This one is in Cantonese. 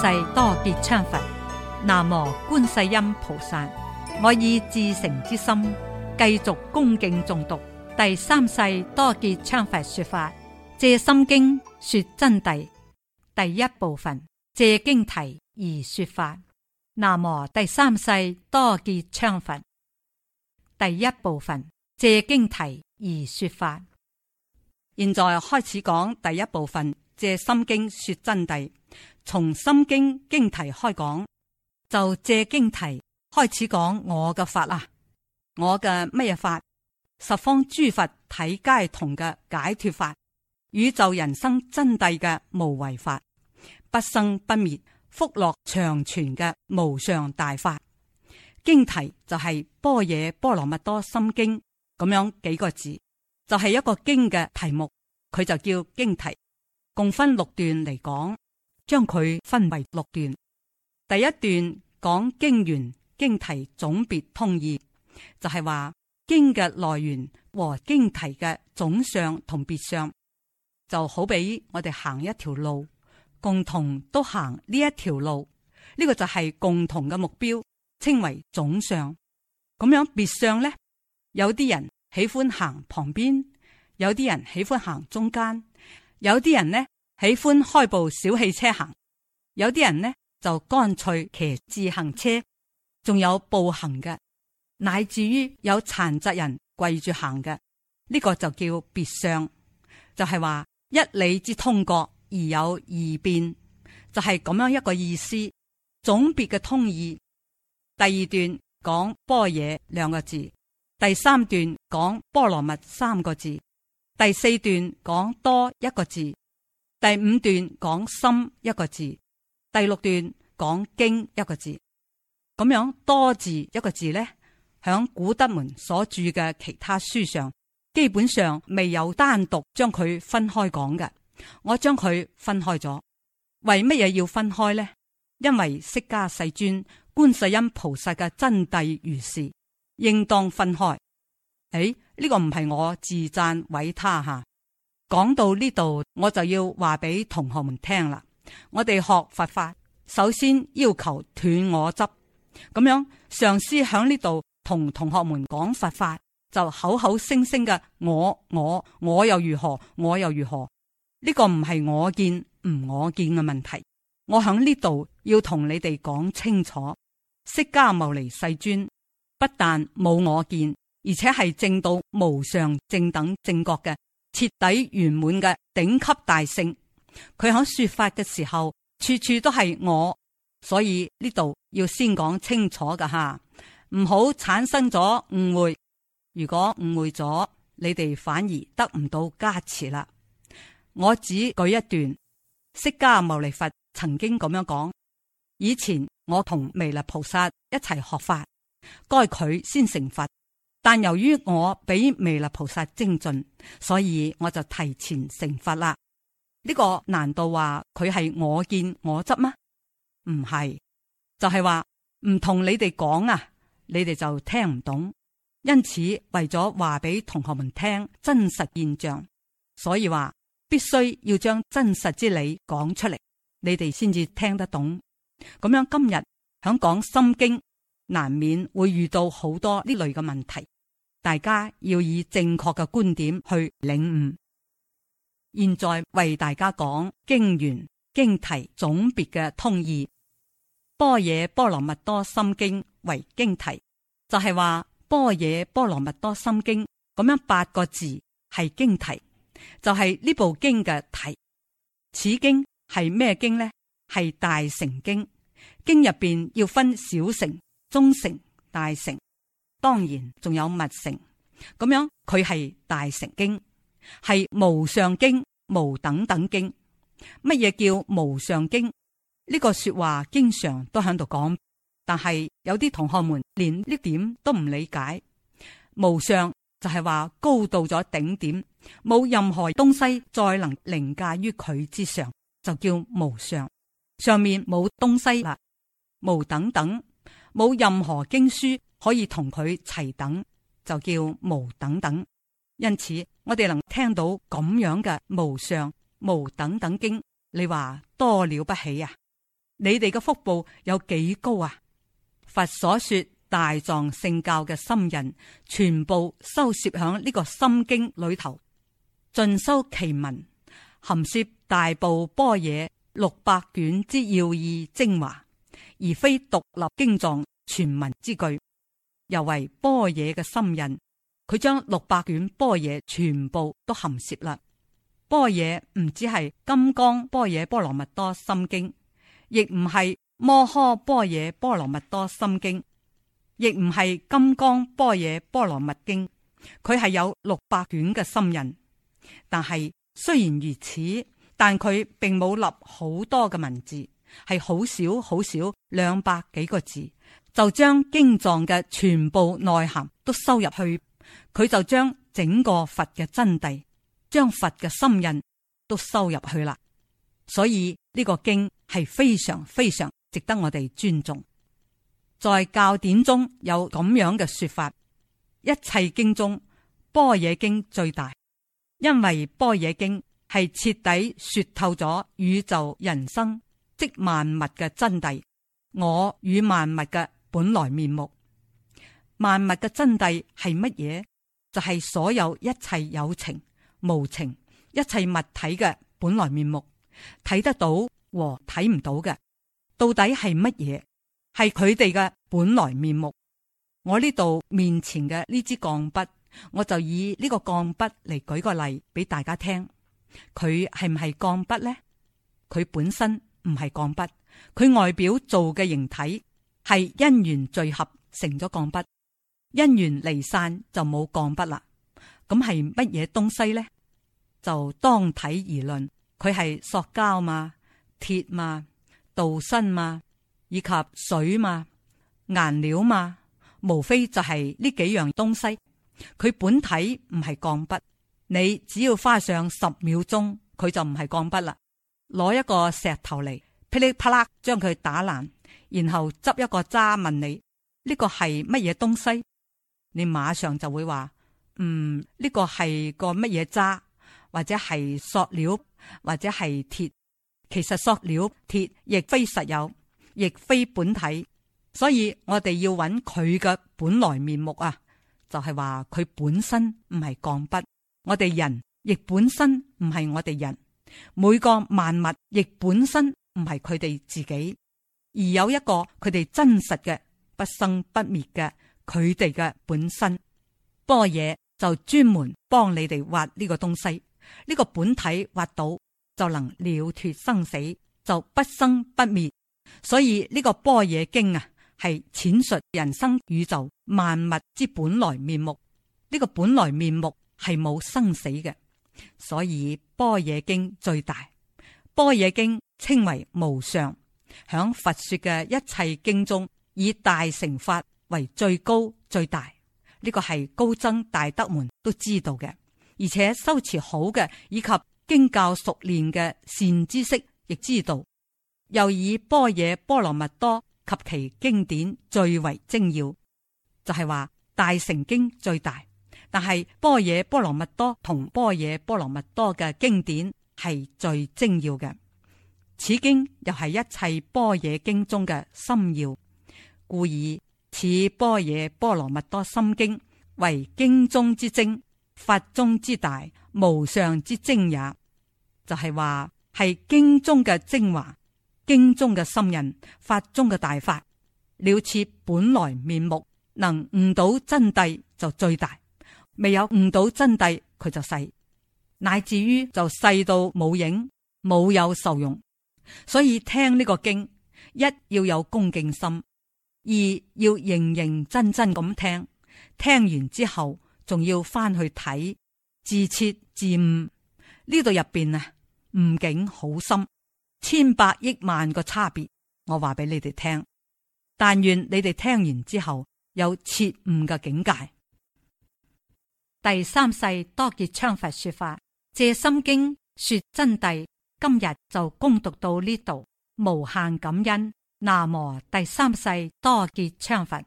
世多杰羌佛，南無觀世音菩薩。我以至誠之心，繼續恭敬重讀第三世多杰羌佛說法《藉心經》說真諦第一部分，借經題而說法。南無第三世多杰羌佛，第一部分借經題而說法。現在開始講第一部分。借心經說真諦，從心經經題開講，就借經題開始講我嘅法啊，我嘅乜嘢法？十方諸佛體皆同嘅解脱法，宇宙人生真諦嘅無為法，不生不滅、福樂長存嘅無上大法。經題就係《般若波羅蜜多心經》，咁樣幾個字就係、是、一個經嘅題目，佢就叫經題。共分六段嚟講，將佢分為六段。第一段講經緣經題總別通義，就係、是、話經嘅來源和經題嘅總相同別相，就好比我哋行一條路，共同都行呢一條路，呢、這個就係共同嘅目標，稱為總相。咁樣別相咧，有啲人喜歡行旁邊，有啲人喜歡行中間。有啲人呢喜歡開部小汽車行，有啲人呢就乾脆騎自行車，仲有步行嘅，乃至於有殘疾人跪住行嘅，呢個就叫別相，就係話一理之通國而有異變，就係咁樣一個意思。總別嘅通義。第二段講般若兩個字，第三段講波羅蜜三個字。第四段講多一個字，第五段講心一個字，第六段講經一個字。咁樣多字一個字呢，響古德門所著嘅其他書上，基本上未有單獨將佢分開講嘅。我將佢分開咗，為乜嘢要分開呢？因為釋迦世尊觀世音菩薩嘅真諦如是，應當分開。哎。呢個唔係我自贊毀他吓，講到呢度我就要話俾同學們聽啦。我哋學佛法，首先要求斷我執，咁樣上師響呢度同同學們講佛法，就口口聲聲嘅我我我又如何我又如何？呢個唔係我見唔我見嘅問題，我響呢度要同你哋講清楚，釋迦牟尼世尊不但冇我見。而且係證到無上正等正覺嘅徹底圓滿嘅頂級大聖，佢喺說法嘅時候，處處都係我，所以呢度要先講清楚㗎吓，唔好產生咗誤會。如果誤會咗，你哋反而得唔到加持啦。我只舉一段釋迦牟尼佛曾經咁樣講：以前我同彌勒菩薩一齊學法，該佢先成佛。但由於我比彌勒菩薩精進，所以我就提前成佛啦。呢個難道話佢係我見我執嗎？唔係，就係話唔同你哋講啊，你哋就聽唔懂。因此為咗話俾同學們聽真實現象，所以話必須要將真實之理講出嚟，你哋先至聽得懂。咁樣今日響講心經。難免會遇到好多呢類嘅問題，大家要以正確嘅觀點去領悟。現在為大家講經緣經題總別嘅通義，《般若波羅蜜多心經》為經題，就係、是、話《般若波羅蜜多心經》咁樣八個字係經題，就係、是、呢部經嘅題。此經係咩經呢？係大乘經，經入邊要分小乘。中成、大成，當然仲有密成，咁樣佢係大成經，係無上經、無等等經。乜嘢叫無上經？呢個說話經常都喺度講，但係有啲同學們連呢點都唔理解。無上就係話高到咗頂點，冇任何東西再能凌駕於佢之上，就叫無上。上面冇東西啦，無等等。冇任何經書可以同佢齊等，就叫無等等，等。因此，我哋能聽到咁樣嘅無上無等，等等經，你話多了不起啊！你哋嘅福報有幾高啊？佛所說大藏聖教嘅心印，全部收攝喺呢個心經裏頭，盡收其文，含攝大部般若六百卷之要義精華。而非獨立經藏傳聞之句，又為般若嘅心印。佢將六百卷般若全部都含攝啦。般若唔只係金剛般若波羅蜜多心經，亦唔係摩訶般若波羅蜜多心經，亦唔係金剛般若波羅蜜經。佢係有六百卷嘅心印，但係雖然如此，但佢並冇立好多嘅文字。係好少，好少兩百幾個字，就將經藏嘅全部內涵都收入去，佢就將整個佛嘅真諦，將佛嘅心印都收入去啦。所以呢個經係非常非常值得我哋尊重。在教典中有咁樣嘅說法：一切經中般若經最大，因為般若經係徹底說透咗宇宙人生。即萬物嘅真諦，我與萬物嘅本來面目。萬物嘅真諦係乜嘢？就係、是、所有一切有情、無情，一切物體嘅本來面目。睇得到和睇唔到嘅，到底係乜嘢？係佢哋嘅本來面目。我呢度面前嘅呢支鋼筆，我就以呢個鋼筆嚟舉個例俾大家聽。佢係唔係鋼筆呢？佢本身。唔係鋼筆，佢外表做嘅形體係因緣聚合成咗鋼筆，因緣離散就冇鋼筆啦。咁係乜嘢東西咧？就當體而論，佢係塑膠嘛、鐵嘛、鍍鋅嘛，以及水嘛、顏料嘛，無非就係呢幾樣東西。佢本體唔係鋼筆，你只要花上十秒鐘，佢就唔係鋼筆啦。攞一個石頭嚟，噼里啪啦將佢打爛，然後執一個渣問你：呢個係乜嘢東西？你馬上就會話：嗯，呢個係個乜嘢渣，或者係塑料，或者係鐵。其實塑料、鐵亦非實有，亦非本體，所以我哋要揾佢嘅本來面目啊！就係話佢本身唔係鋼筆，我哋人亦本身唔係我哋人。每個萬物亦本身唔係佢哋自己，而有一個佢哋真實嘅不生不滅嘅佢哋嘅本身。般若就專門幫你哋挖呢個東西，呢個本體挖到就能了脱生死，就不生不滅。所以呢個般若經啊，係淺述人生宇宙萬物之本來面目。呢個本來面目係冇生死嘅。所以般若經最大，般若經稱為無上，響佛說嘅一切經中，以大乘法為最高最大。呢、這個係高僧大德們都知道嘅，而且修持好嘅以及經教熟練嘅善知識亦知道。又以般若波羅蜜多及其經典最為精要，就係、是、話大乘經最大。但係般若波羅蜜多同般若波羅蜜多嘅經典係最精要嘅，此經又係一切般若經中嘅心要，故以此般若波羅蜜多心經為經中之精、法中之大、無上之精也。就係話係經中嘅精華、經中嘅心印、法中嘅大法，了徹本來面目，能悟到真諦就最大。未有悟到真諦，佢就細，乃至於就細到冇影，冇有受用。所以聽呢個經，一要有恭敬心，二要認認真真咁聽，聽完之後仲要翻去睇，自徹自悟。呢度入邊啊，悟境好深，千百億萬個差別，我話俾你哋聽。但願你哋聽完之後有切悟嘅境界。第三世多杰羌佛說法，藉心經說真諦，今日就恭讀到呢度，無限感恩。南無第三世多杰羌佛。